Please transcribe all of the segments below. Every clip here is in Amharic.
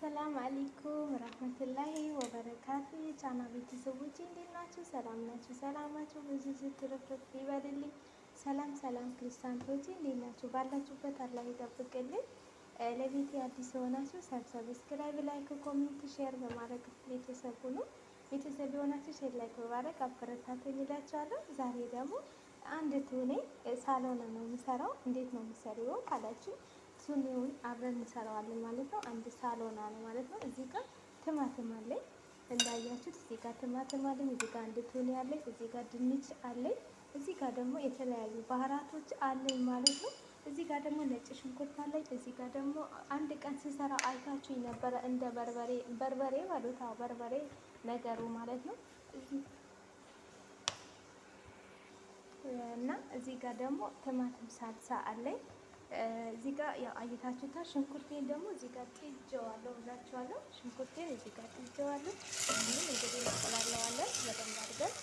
አሰላም አለይኩም ረህመቱላሂ ወበረካቱ የቻና ቤተሰቦች እንዴት ናችሁ? ሰላም ናችሁ? ሰላማችሁ ብዙ ስትርፍርፍ ይበልልኝ። ሰላም ሰላም ክርስቲያኖች እንዴት ናችሁ? ባላችሁበት አላህ ይጠብቅልን። ለቤት አዲስ የሆናችሁ ሰብስክራይብ፣ ላይክ፣ ኮሜንት፣ ሼር በማድረግ ቤተሰብ ሁኑ። ቤተሰብ የሆናችሁ ሼር፣ ላይክ በማድረግ አበረታቱ እንላችኋለሁ። ዛሬ ደግሞ አንድ ትሁኔ ሳሎን ነው የምሰራው። እንዴት ነው የምሰሪው ካላችሁ ሁሉን አብረን እንሰራዋለን ማለት ነው። አንድ ሳሎና ነው ማለት ነው። እዚህ ጋር ትማትም አለኝ እንዳያችሁት፣ እዚህ ጋር ትማትም አለኝ፣ እዚህ ጋር አንድ ቱኒ አለኝ፣ እዚህ ጋር ድንች አለኝ፣ እዚህ ጋር ደግሞ የተለያዩ ባህራቶች አለኝ ማለት ነው። እዚህ ጋር ደግሞ ነጭ ሽንኩርት አለኝ። እዚህ ጋር ደግሞ አንድ ቀን ስሰራ አይታችሁ ነበረ እንደ በርበሬ በርበሬ ባሉታ በርበሬ ነገሩ ማለት ነው። እና እዚህ ጋር ደግሞ ትማትም ሳልሳ አለኝ። እዚህ ጋር ያው አይታችሁታል። ሽንኩርቴን ደግሞ እዚህ ጋር ጥጄዋለሁ ብላችኋለሁ። ሽንኩርቴን እዚህ ጋር ጥጄዋለሁ። ይህም እንግዲህ እናቆላለዋለን በደንብ አድርገን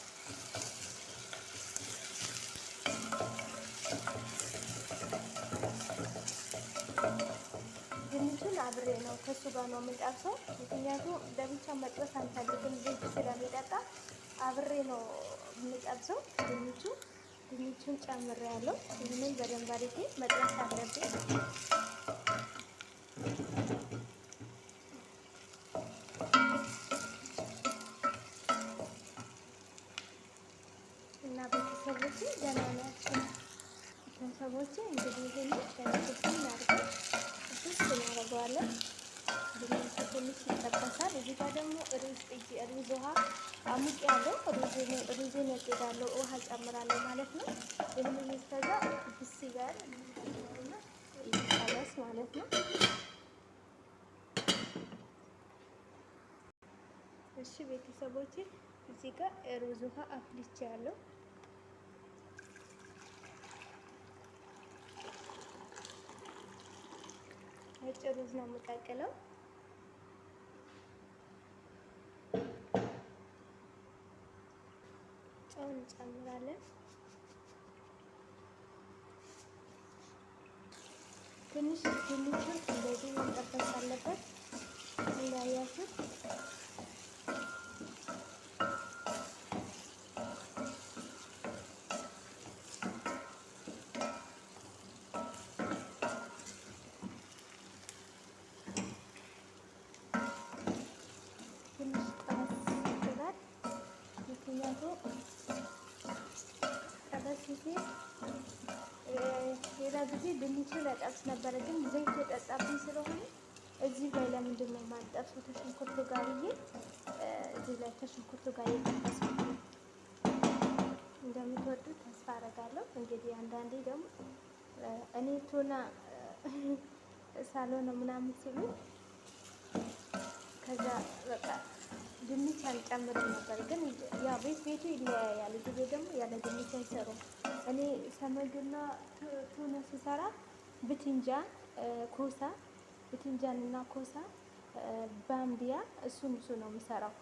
ድንቹን አብሬ ነው ከሱ ጋር ነው የምንጠብሰው። ምክንያቱም ለብቻ መጥበስ አንፈልግም፣ ልጅ ስለሚጠጣ አብሬ ነው የምንጠብሰው ድንቹ ድንቹን ያለው ይህንን በደንብ አድርጌ መጥበስ አለብኝ። እና ቤተሰቦች ደህና ናቸው። ቤተሰቦች እንግዲህ ይህንን በንስስ እናደርገዋለን ድንች ትንሽ ይጠበሳል። እዚህ ጋር ደግሞ ሩዝ ጥጅ ሩዝ ውሃ አሙቅ ያለው ሩዝን እጥዳለሁ፣ ውሃ ጨምራለሁ ማለት ነው። ይህንን እስከዛ ብስ ይበል ይጠበስ ማለት ነው። እሺ ቤተሰቦቼ እዚህ ጋር ሩዝ ውሃ አፍልቼ ያለው ሩዝ ነው የምቀቅለው። ጨው እንጨምራለን። ትንሽ ድንቹን እንደዚህ መጠበስ አለበት እንዳያችሁ ጊዜ ድንቹ ለጠብስ ነበረ፣ ግን ዘይት የጠጣብኝ ስለሆነ እዚህ ላይ ለምንድን ነው የማልጠብሰው? ከሽንኩርቱ ጋር ብዬ እዚህ ላይ ከሽንኩርቱ ጋር የጠበስኩት እንደምትወዱ ተስፋ አደርጋለሁ። እንግዲህ አንዳንዴ ደግሞ እኔ ቱና ሳሎን ምናምን ሲሉ ከዛ በቃ ድንች አልጨምርም ነበር፣ ግን ያ ቤት ቤቱ ይለያያል። እዚህ ቤት ደግሞ ያለ ድንች አይሰሩም። እኔ ሰመግና ቱነ ስሰራ ብትንጃን፣ ኮሳ ብትንጃን እና ኮሳ ባምቢያ፣ እሱን እሱ ነው የምሰራው።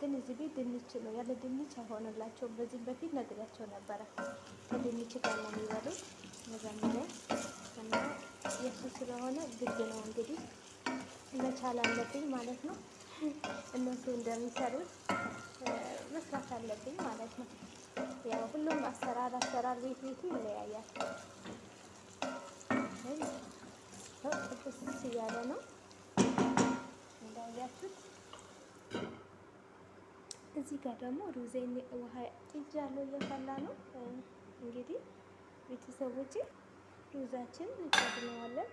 ግን እዚህ ቤት ድንች ነው ያለ ድንች አይሆንላቸውም። በዚህ በፊት ነግሪያቸው ነበረ። ከድንች ጋር ነው የሚበሉት መጀመሪያ እና የእሱ ስለሆነ ግድ ነው እንግዲህ መቻል አለብኝ ማለት ነው። እነሱ እንደሚሰሩት መስራት አለብኝ ማለት ነው። ያው ሁሉም አሰራር አሰራር ቤት ቤቱ ይለያያል። ጥፍስ እያለ ነው እንዳያችሁት። እዚህ ጋር ደግሞ ሩዜን ውሃ ጥጃ ያለው እየፈላ ነው እንግዲህ ቤተሰቦቼ ሩዛችን እንቀድመዋለን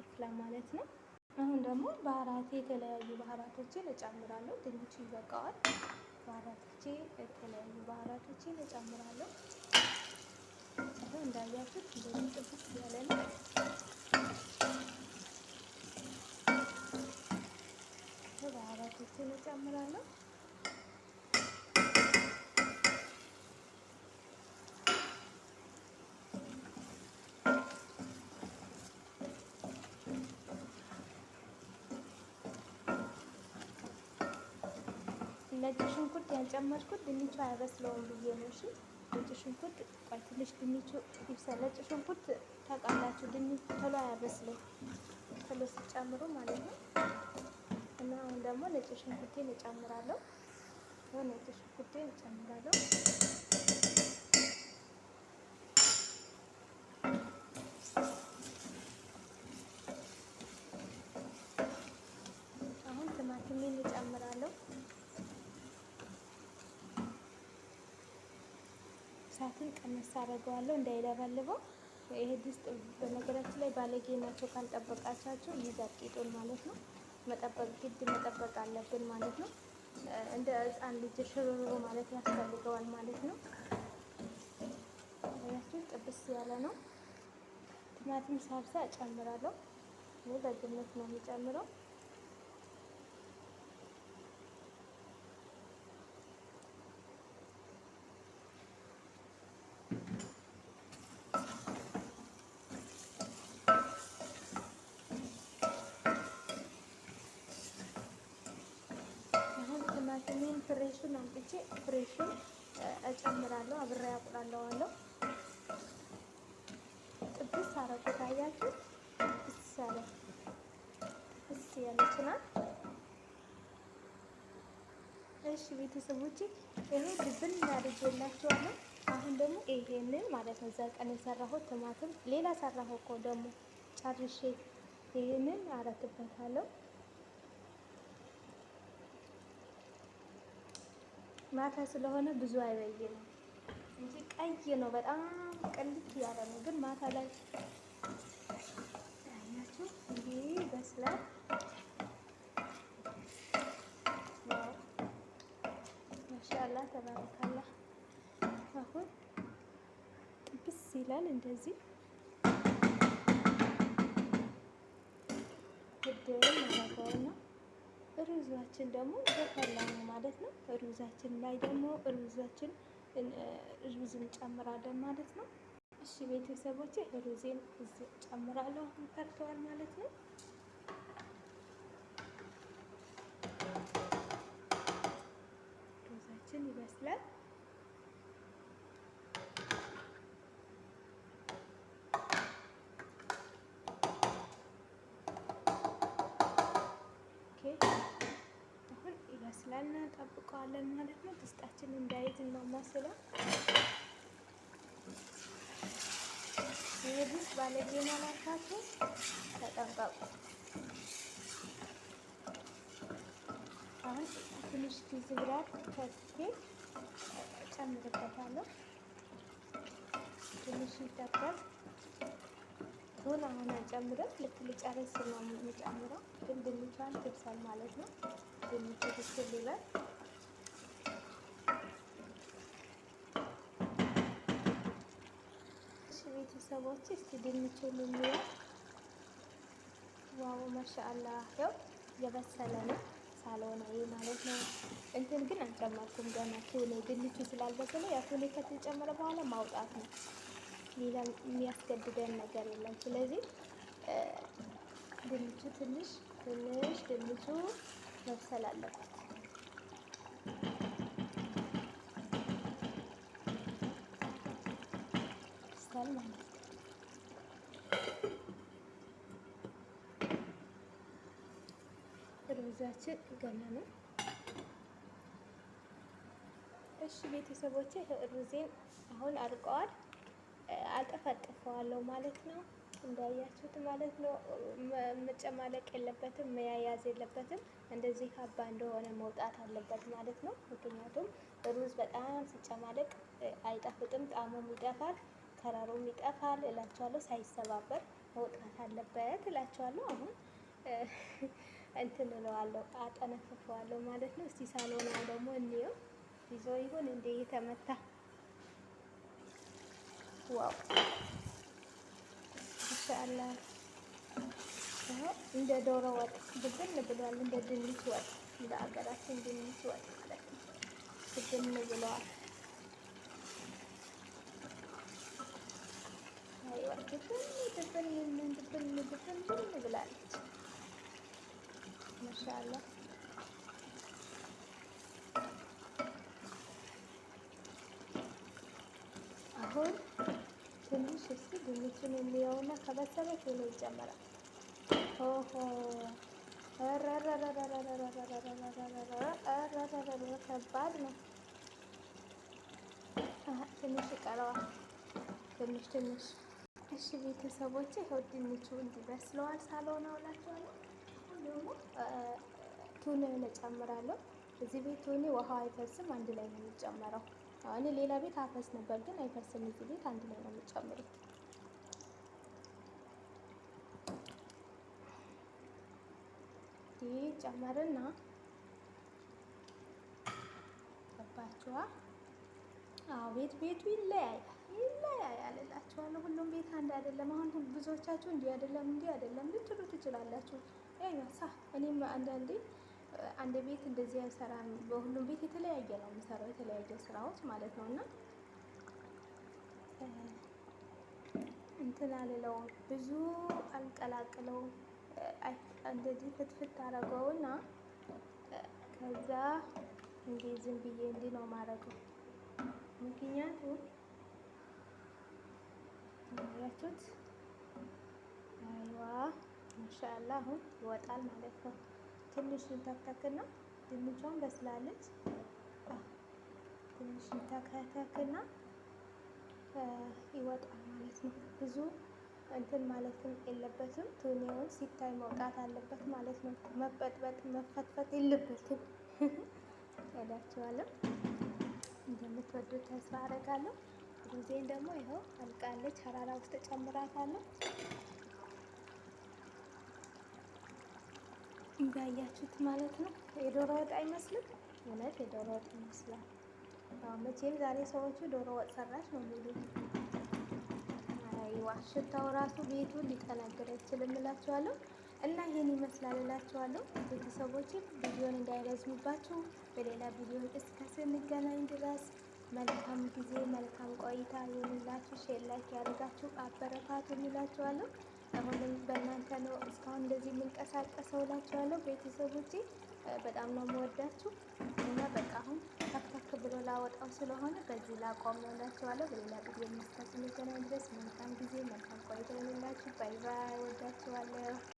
ይፍላ ማለት ነው። አሁን ደግሞ ባህራት የተለያዩ ባህራቶችን እጨምራለሁ። ድንቹ ይበቃዋል። ባህራቶቼ የተለያዩ ባህራቶችን እጨምራለሁ። ይኸው እንዳያችሁት እንደዚህ ጥብስ ያለ ነው። ባህራቶችን እጨምራለሁ። ነጭ ሽንኩርት ያልጨመርኩት ድንቹ አያበስለውም ብዬ ነው። እሺ ነጭ ሽንኩርት ቆይ ትንሽ ድንቹ ይብሰል። ነጭ ሽንኩርት ታውቃላችሁ፣ ድንቹ ቶሎ አያበስልም ቶሎ ሲጨምሩ ማለት ነው። እና አሁን ደግሞ ነጭ ሽንኩርቴን እጨምራለሁ። ነጭ ሽንኩርቴን እጨምራለሁ እሳቱን ቀነስ አደርገዋለሁ እንዳይለበልበው። ይሄ ድስት በነገራችን ላይ ባለጌ ናቸው። ካልጠበቃቻቸው ይዘቅጡን ማለት ነው። መጠበቅ ግድ መጠበቅ አለብን ማለት ነው። እንደ ህፃን ልጅ ሽሩሩ ማለት ያስፈልገዋል ማለት ነው። ያችን ጥብስ ያለ ነው። ቲማቲም ሳልሳ እጨምራለሁ። በግምት ነው የሚጨምረው እኔም ፍሬሹን አምጥቼ ፍሬሹን እጨምራለሁ፣ አብሬ አቁላለዋለሁ። ጥብስ አረቁ ታያችሁ ጥብስ ያለ ጥብስ ያለች ናት። እሺ ቤተሰቦች ይሄ ድብል አድርጌላችኋለሁ። አሁን ደግሞ ይሄንን ማለት ነው ቀን የሰራሁት ቲማቲም ሌላ ሰራሁ እኮ ደግሞ ጨርሼ ይሄንን አረግበታለሁ። ማታ ስለሆነ ብዙ አይበይም እንጂ ቀይ ነው፣ በጣም ቅልት ያለ ነው። ግን ማታ ላይ አያችሁ እንዴ ይበስላል። ማሻአላ ተባረካላ። አሁን ብስ ይላል እንደዚህ ግዴ ማለት ነው። ሩዛችን ደግሞ በፈላ ነው ማለት ነው። ሩዛችን ላይ ደግሞ ሩዛችን ሩዝ እንጨምራለን ማለት ነው። እሺ ቤተሰቦች ሩዜን ጨምራለሁ ፈርተዋል ማለት ነው። ሩዛችን ይበስላል። እና ጠብቀዋለን ማለት ነው። ድስታችን እንዳይዝ ነው መስለው ይህ ድስት ባለጌ መላካችሁ ተጠንቀቁ። አሁን ትንሽ ጊዜ ብራት ከፍቼ ጨምርበታለሁ። ትንሽ ይጠበቅ። አሁን አሁን አልጨምርም። ልክ ልጨርስ ነው የምጨምረው ግን ድንቿን ትብሳል ማለት ነው። ድንቹ ትብስል ይበል። እሺ ቤተሰቦች እስቲ ድንቹ የሚያው ዋው ማሻአላ ያው የበሰለ ነው ሳልሆነ ይሄ ማለት ነው። እንትን ግን አልጨመርኩም ገና ቶኔ ድንቹ ስላልበሰለ ያ ቶኔ ከተጨመረ በኋላ ማውጣት ነው። ሌላ የሚያስገድደን ነገር የለም። ስለዚህ ድንቹ ትንሽ ትንሽ ድንቹ መብሰል አለበት። ይመስላል ማለት ነው። ሩዛችን ገለነ። እሺ ቤተሰቦቼ ሩዜን አሁን አርቀዋል፣ አጠፈጥፈዋለሁ ማለት ነው። እንዳያችሁት ማለት ነው። መጨማለቅ የለበትም፣ መያያዝ የለበትም። እንደዚህ ካባ እንደሆነ መውጣት አለበት ማለት ነው። ምክንያቱም ሩዝ በጣም ሲጨማለቅ አይጣፍጥም፣ ጣዕሙም ይጠፋል፣ ከረሩም ይጠፋል እላቸዋለሁ። ሳይሰባበር መውጣት አለበት እላቸዋለሁ። አሁን እንትን እለዋለሁ፣ አጠነፍፈዋለሁ ማለት ነው። እስቲ ሳሎና ደግሞ እንየው ይዞ ይሁን እንዴ የተመታ ዋው ይሻላል። እንደ ዶሮ ወጥ ብግን ብሏል። እንደ ድንች ወጥ እንደ ሀገራችን ድንች ወጥ ማለት ነው። ብግን ብለዋል። ድብን ድብን ምን ድብን ድብን ብን ብላለች። ማሻአላ አሁን ድንቹን የሚያውና ከበሰለ ቶሎ ይጨመራል። ኦሆ ከባድ ነው። ትንሽ ይቀረዋል። ትንሽ ትንሽ። እሺ ቤተሰቦች፣ ይኸው ድንቹ እንዲበስለዋል ሳልሆነ እላቸዋለሁ። ደግሞ ቱን እጨምራለሁ። እዚህ ቤት ሆኔ ውሃው አይፈስም፣ አንድ ላይ ነው የሚጨመረው። እኔ ሌላ ቤት አፈስ ነበር፣ ግን አይፈስም። እዚህ ቤት አንድ ላይ ነው የሚጨምሩት። ጨመርና ገባችኋ? አዎ ቤት ቤቱ ይለያያል ይለያያል እላችኋለሁ። ሁሉም ቤት አንድ አይደለም። አሁን ብዙዎቻችሁ እንዲህ አይደለም እንዲህ አይደለም ልትሉ ትችላላችሁ። ያሳ እኔም አንዳንዴ አንድ ቤት እንደዚህ አይሰራም። በሁሉም ቤት የተለያየ ነው የምሰራው፣ የተለያየ ስራዎች ማለት ነው። እና እንትን አልለውም ብዙ አልቀላቅለውም። እንደዚህ ፍትፍት እና ከዛ እንዲህ ዝም ብዬ እንዲ ነው ማረገው። ምክንያቱም ያችሁት አይዋ ማሻአላ አሁን ይወጣል ማለት ነው። ትንሽ እንተክተክና ድንቿን በስላለች ትንሽ እንተክተክና ይወጣል ማለት ነው ብዙ እንትን ማለትም የለበትም። ቱኔውን ሲታይ መውጣት አለበት ማለት ነው። መበጥበጥ መፈትፈት የለበትም እላችኋለሁ። እንደምትወዱት ተስፋ አደርጋለሁ። ጊዜን ደግሞ ይኸው አልቃለች። ሀራራ ውስጥ ጨምራታለሁ። እንዳያችሁት ማለት ነው። የዶሮ ወጥ አይመስልም? እውነት የዶሮ ወጥ ይመስላል። መቼም ዛሬ ሰዎቹ ዶሮ ወጥ ሰራች ነው የሚሉት። ሽታው ራሱ ቤቱን ሊጠናገር አይችልም እላችኋለሁ። እና ይህን ይመስላል እላችኋለሁ። ቤተሰቦችን ቪዲዮን እንዳይረዝምባችሁ በሌላ ቪዲዮ እስከ ስንገናኝ ድረስ መልካም ጊዜ መልካም ቆይታ የምላችሁ ሼር ላይክ ያደርጋችሁ አበረታቱ እላችኋለሁ። አሁንም በእናንተ ነው እስካሁን እንደዚህ የምንቀሳቀሰው እላችኋለሁ። ቤተሰቦቼ በጣም ነው የምወዳችሁ እና በቃ አሁን ተክተክ ብሎ ላወጣው ስለሆነ በዚህ ላቆም ነው እላቸዋለሁ። በሌላ ጊዜ የምስታስ የሚገናኝ ድረስ መልካም ጊዜ መልካም ቆይታ ይሁንላችሁ። ባይ ባይ። ወዳችኋለሁ።